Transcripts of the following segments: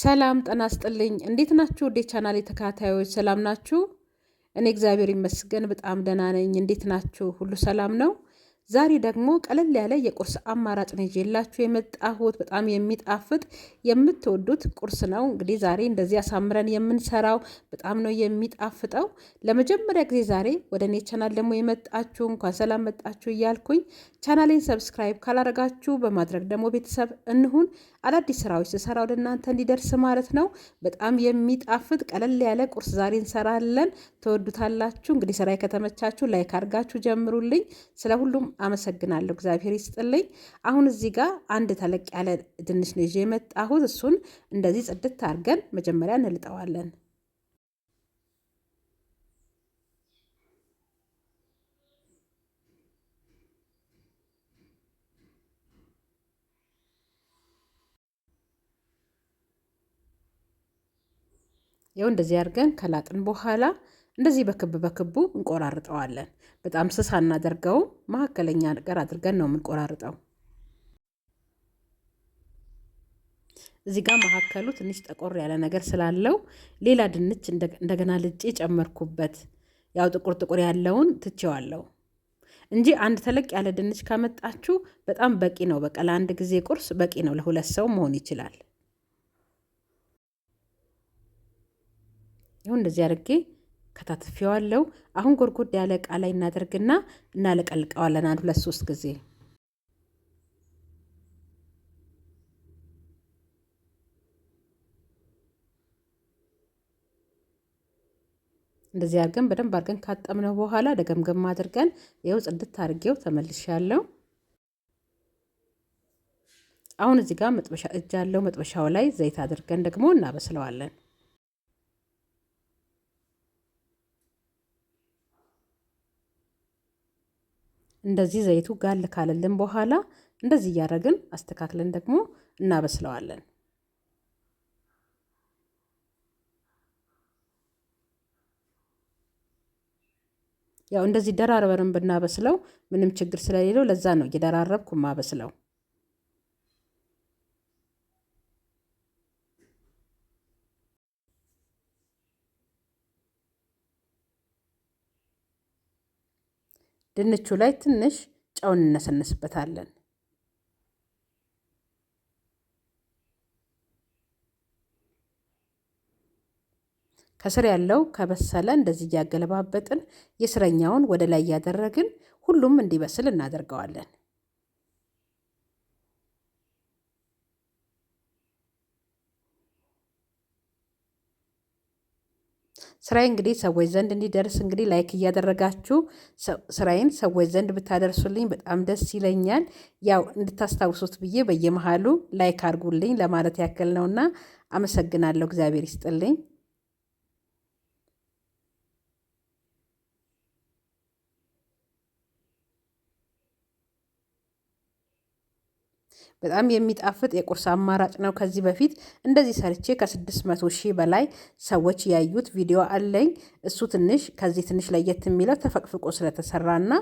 ሰላም ጠና ስጥልኝ። እንዴት ናችሁ? ወደ ቻናል የተከታታዮች ሰላም ናችሁ? እኔ እግዚአብሔር ይመስገን በጣም ደህና ነኝ። እንዴት ናችሁ? ሁሉ ሰላም ነው? ዛሬ ደግሞ ቀለል ያለ የቁርስ አማራጭ ነው ይዤላችሁ የመጣሁት። በጣም የሚጣፍጥ የምትወዱት ቁርስ ነው። እንግዲህ ዛሬ እንደዚህ አሳምረን የምንሰራው በጣም ነው የሚጣፍጠው። ለመጀመሪያ ጊዜ ዛሬ ወደ እኔ ቻናል ደግሞ የመጣችሁ እንኳን ሰላም መጣችሁ እያልኩኝ ቻናሌን ሰብስክራይብ ካላረጋችሁ በማድረግ ደግሞ ቤተሰብ እንሁን። አዳዲስ ስራዎች ስሰራ ወደ እናንተ እንዲደርስ ማለት ነው። በጣም የሚጣፍጥ ቀለል ያለ ቁርስ ዛሬ እንሰራለን። ትወዱታላችሁ። እንግዲህ ስራ ከተመቻችሁ ላይክ አድርጋችሁ ጀምሩልኝ። ስለ ሁሉም አመሰግናለሁ። እግዚአብሔር ይስጥልኝ። አሁን እዚህ ጋር አንድ ተለቅ ያለ ድንች ነው ይዤ የመጣሁት። እሱን እንደዚህ ጽድት አድርገን መጀመሪያ እንልጠዋለን። ይኸው እንደዚህ አድርገን ከላጥን በኋላ እንደዚህ በክብ በክቡ እንቆራርጠዋለን። በጣም ስስ አናደርገውም፣ መካከለኛ ነገር አድርገን ነው የምንቆራርጠው። እዚህ ጋር መካከሉ ትንሽ ጠቆር ያለ ነገር ስላለው ሌላ ድንች እንደገና ልጬ ጨመርኩበት። ያው ጥቁር ጥቁር ያለውን ትቼዋለሁ እንጂ አንድ ተለቅ ያለ ድንች ካመጣችሁ በጣም በቂ ነው። በቃ ለአንድ ጊዜ ቁርስ በቂ ነው። ለሁለት ሰው መሆን ይችላል። ይሁን እንደዚህ አድርጌ ከታትፊዋለው። አሁን ጎርጎድ ያለ እቃ ላይ እናደርግና እናለቀልቀዋለን አንድ ሁለት ሶስት ጊዜ እንደዚህ አድርገን በደንብ አድርገን ካጠምነው በኋላ ደገምገም አድርገን ይኸው ጽድት አድርጌው ተመልሻለሁ። አሁን እዚህ ጋር መጥበሻ እጅ አለው። መጥበሻው ላይ ዘይት አድርገን ደግሞ እናበስለዋለን። እንደዚህ ዘይቱ ጋል ካለልን በኋላ እንደዚህ እያደረግን አስተካክለን ደግሞ እናበስለዋለን። ያው እንደዚህ ደራርበርን ብናበስለው ምንም ችግር ስለሌለው ለዛ ነው እየደራረብኩ ማበስለው። ድንቹ ላይ ትንሽ ጨው እንነሰንስበታለን። ከስር ያለው ከበሰለ እንደዚህ እያገለባበጥን የስረኛውን ወደ ላይ እያደረግን ሁሉም እንዲበስል እናደርገዋለን። ስራዬ እንግዲህ ሰዎች ዘንድ እንዲደርስ እንግዲህ ላይክ እያደረጋችሁ ስራዬን ሰዎች ዘንድ ብታደርሱልኝ በጣም ደስ ይለኛል። ያው እንድታስታውሱት ብዬ በየመሃሉ ላይክ አድርጉልኝ ለማለት ያክል ነውና አመሰግናለሁ። እግዚአብሔር ይስጥልኝ። በጣም የሚጣፍጥ የቁርስ አማራጭ ነው። ከዚህ በፊት እንደዚህ ሰርቼ ከ መቶ ሺህ በላይ ሰዎች ያዩት ቪዲዮ አለኝ። እሱ ትንሽ ከዚህ ትንሽ ለየት የሚለው ተፈቅፍቆ ስለተሰራና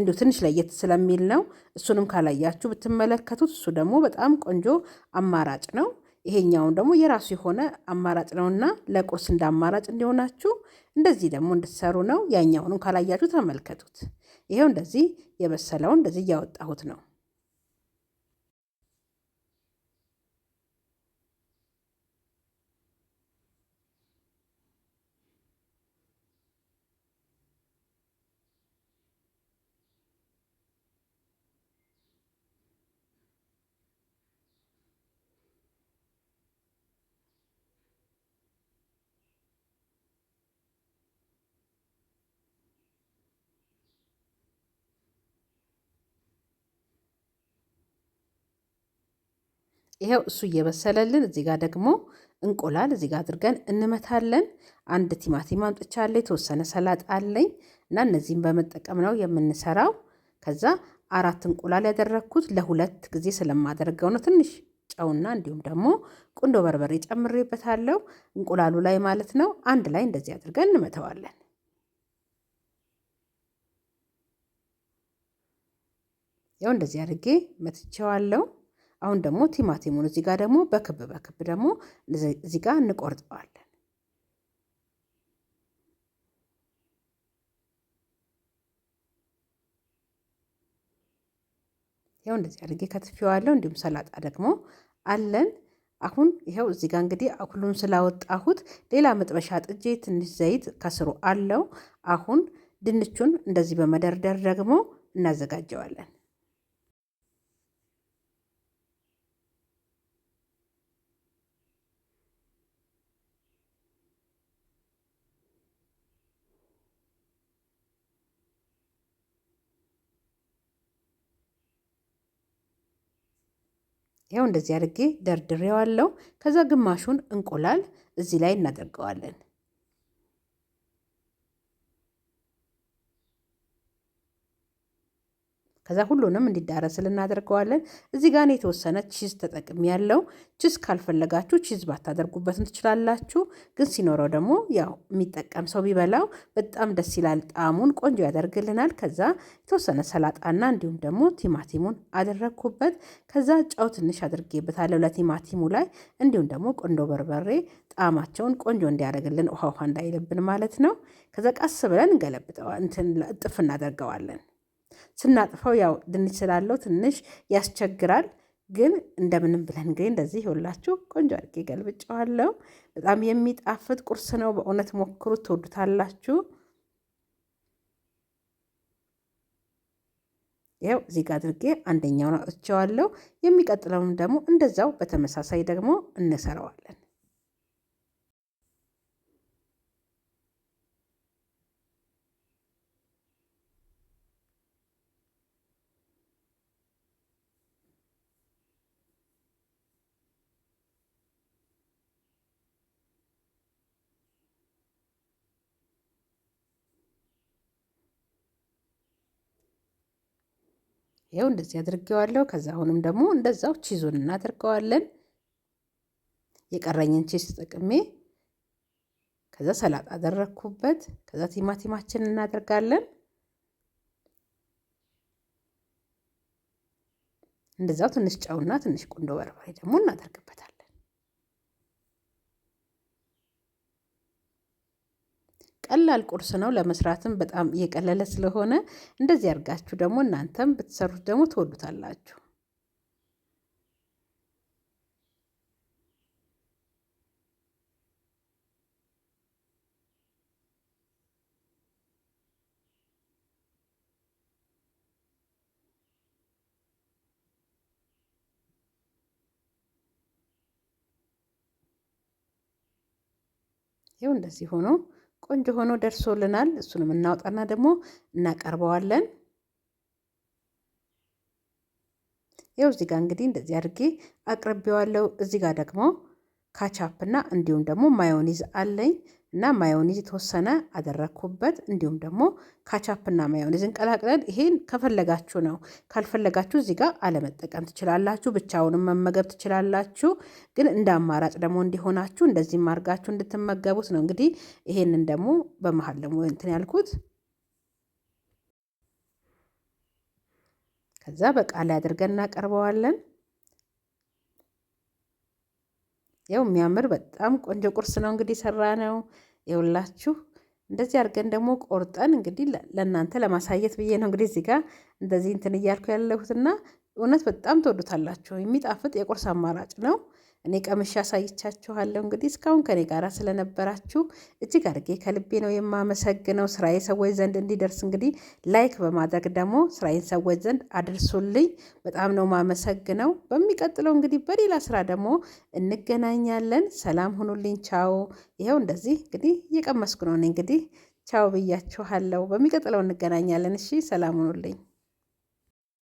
እንዲሁ ትንሽ ለየት ስለሚል ነው። እሱንም ካላያችሁ ብትመለከቱት እሱ ደግሞ በጣም ቆንጆ አማራጭ ነው። ይሄኛውን ደግሞ የራሱ የሆነ አማራጭ ነውና ለቁርስ እንደ አማራጭ እንዲሆናችሁ እንደዚህ ደግሞ እንድትሰሩ ነው። ያኛውንም ካላያችሁ ተመልከቱት። ይሄው እንደዚህ የበሰለውን እንደዚህ እያወጣሁት ነው። ይኸው እሱ እየበሰለልን እዚህ ጋር ደግሞ እንቁላል እዚህ ጋር አድርገን እንመታለን። አንድ ቲማቲም አምጥቻለሁ፣ የተወሰነ ሰላጣ አለኝ እና እነዚህም በመጠቀም ነው የምንሰራው። ከዛ አራት እንቁላል ያደረግኩት ለሁለት ጊዜ ስለማደርገው ነው። ትንሽ ጨውና እንዲሁም ደግሞ ቁንዶ በርበሬ ጨምሬበታለሁ እንቁላሉ ላይ ማለት ነው። አንድ ላይ እንደዚህ አድርገን እንመተዋለን። ያው እንደዚህ አድርጌ መትቼዋለሁ። አሁን ደግሞ ቲማቲሙን እዚህ ጋር ደግሞ በክብ በክብ ደግሞ እዚህ ጋር እንቆርጠዋለን። ይኸው እንደዚህ አድርጌ ከትፌዋለሁ። እንዲሁም ሰላጣ ደግሞ አለን። አሁን ይኸው እዚህ ጋር እንግዲህ ሁሉን ስላወጣሁት ሌላ መጥበሻ ጥጄ ትንሽ ዘይት ከስሩ አለው። አሁን ድንቹን እንደዚህ በመደርደር ደግሞ እናዘጋጀዋለን። ያው እንደዚህ አድርጌ ደርድሬዋለሁ። ከዛ ግማሹን እንቁላል እዚህ ላይ እናደርገዋለን። ከዛ ሁሉንም እንዲዳረስ ልናደርገዋለን። እዚህ ጋር የተወሰነ ቺዝ ተጠቅም ያለው ቺዝ ካልፈለጋችሁ ቺዝ ባታደርጉበትን ትችላላችሁ። ግን ሲኖረው ደግሞ ያው የሚጠቀም ሰው ቢበላው በጣም ደስ ይላል። ጣዕሙን ቆንጆ ያደርግልናል። ከዛ የተወሰነ ሰላጣና እንዲሁም ደግሞ ቲማቲሙን አደረግኩበት። ከዛ ጨው ትንሽ አድርጌበታለሁ ለቲማቲሙ ላይ እንዲሁም ደግሞ ቆንዶ በርበሬ ጣዕማቸውን ቆንጆ እንዲያደርግልን ውሃ ውሃ እንዳይልብን ማለት ነው። ከዛ ቀስ ብለን ገለብጠዋ እንትን እጥፍ እናደርገዋለን። ስናጥፈው ያው ድንች ስላለው ትንሽ ያስቸግራል። ግን እንደምንም ብለን እንግዲህ እንደዚህ ይኸውላችሁ ቆንጆ አድርጌ ገልብጨዋለሁ። በጣም የሚጣፍጥ ቁርስ ነው። በእውነት ሞክሩት፣ ትወዱታላችሁ። ያው እዚህ ጋር አድርጌ አንደኛውን አውጥቼዋለሁ። የሚቀጥለውም ደግሞ እንደዛው በተመሳሳይ ደግሞ እንሰራዋለን። ይኸው እንደዚህ አድርገዋለሁ። ከዛ አሁንም ደግሞ እንደዛው ቺዙን እናደርገዋለን። የቀረኝን ቺዝ ተጠቅሜ ከዛ ሰላጣ አደረግኩበት። ከዛ ቲማቲማችን እናደርጋለን። እንደዛው ትንሽ ጨውና ትንሽ ቁንዶ በርበሬ ደግሞ እናደርግበታል። ቀላል ቁርስ ነው። ለመስራትም በጣም እየቀለለ ስለሆነ እንደዚህ አድርጋችሁ ደግሞ እናንተም ብትሰሩት ደግሞ ትወዱታላችሁ። ይኸው እንደዚህ ሆኖ ቆንጆ ሆኖ ደርሶልናል። እሱንም እናውጣና ደግሞ እናቀርበዋለን። ይኸው እዚህ ጋር እንግዲህ እንደዚህ አድርጌ አቅርቤዋለሁ። እዚህ ጋር ደግሞ ካቻፕና እንዲሁም ደግሞ ማዮኒዝ አለኝ። እና ማዮኒዝ የተወሰነ አደረግኩበት። እንዲሁም ደግሞ ካቻፕና ማዮኒዝን ቀላቅለን ይሄን ከፈለጋችሁ ነው፣ ካልፈለጋችሁ እዚህ ጋር አለመጠቀም ትችላላችሁ። ብቻውንም መመገብ ትችላላችሁ። ግን እንደ አማራጭ ደግሞ እንዲሆናችሁ እንደዚህም አድርጋችሁ እንድትመገቡት ነው። እንግዲህ ይሄንን ደግሞ በመሀል ደግሞ እንትን ያልኩት ከዛ በቃ ላይ አድርገን እናቀርበዋለን። ያው የሚያምር በጣም ቆንጆ ቁርስ ነው እንግዲህ ሰራ ነው የውላችሁ እንደዚህ አድርገን ደግሞ ቆርጠን እንግዲህ ለእናንተ ለማሳየት ብዬ ነው እንግዲህ እዚህ ጋር እንደዚህ እንትን እያልኩ ያለሁትና እውነት በጣም ትወዱታላችሁ። የሚጣፍጥ የቁርስ አማራጭ ነው። እኔ ቀምሻ አሳይቻችኋለሁ። እንግዲህ እስካሁን ከኔ ጋር ስለነበራችሁ እጅግ አድርጌ ከልቤ ነው የማመሰግነው። ስራዬ ሰዎች ዘንድ እንዲደርስ እንግዲህ ላይክ በማድረግ ደግሞ ስራዬን ሰዎች ዘንድ አድርሱልኝ። በጣም ነው ማመሰግነው። በሚቀጥለው እንግዲህ በሌላ ስራ ደግሞ እንገናኛለን። ሰላም ሁኑልኝ። ቻው። ይኸው እንደዚህ እንግዲህ እየቀመስኩ ነው እኔ እንግዲህ ቻው ብያችኋለሁ። በሚቀጥለው እንገናኛለን። እሺ፣ ሰላም ሁኑልኝ።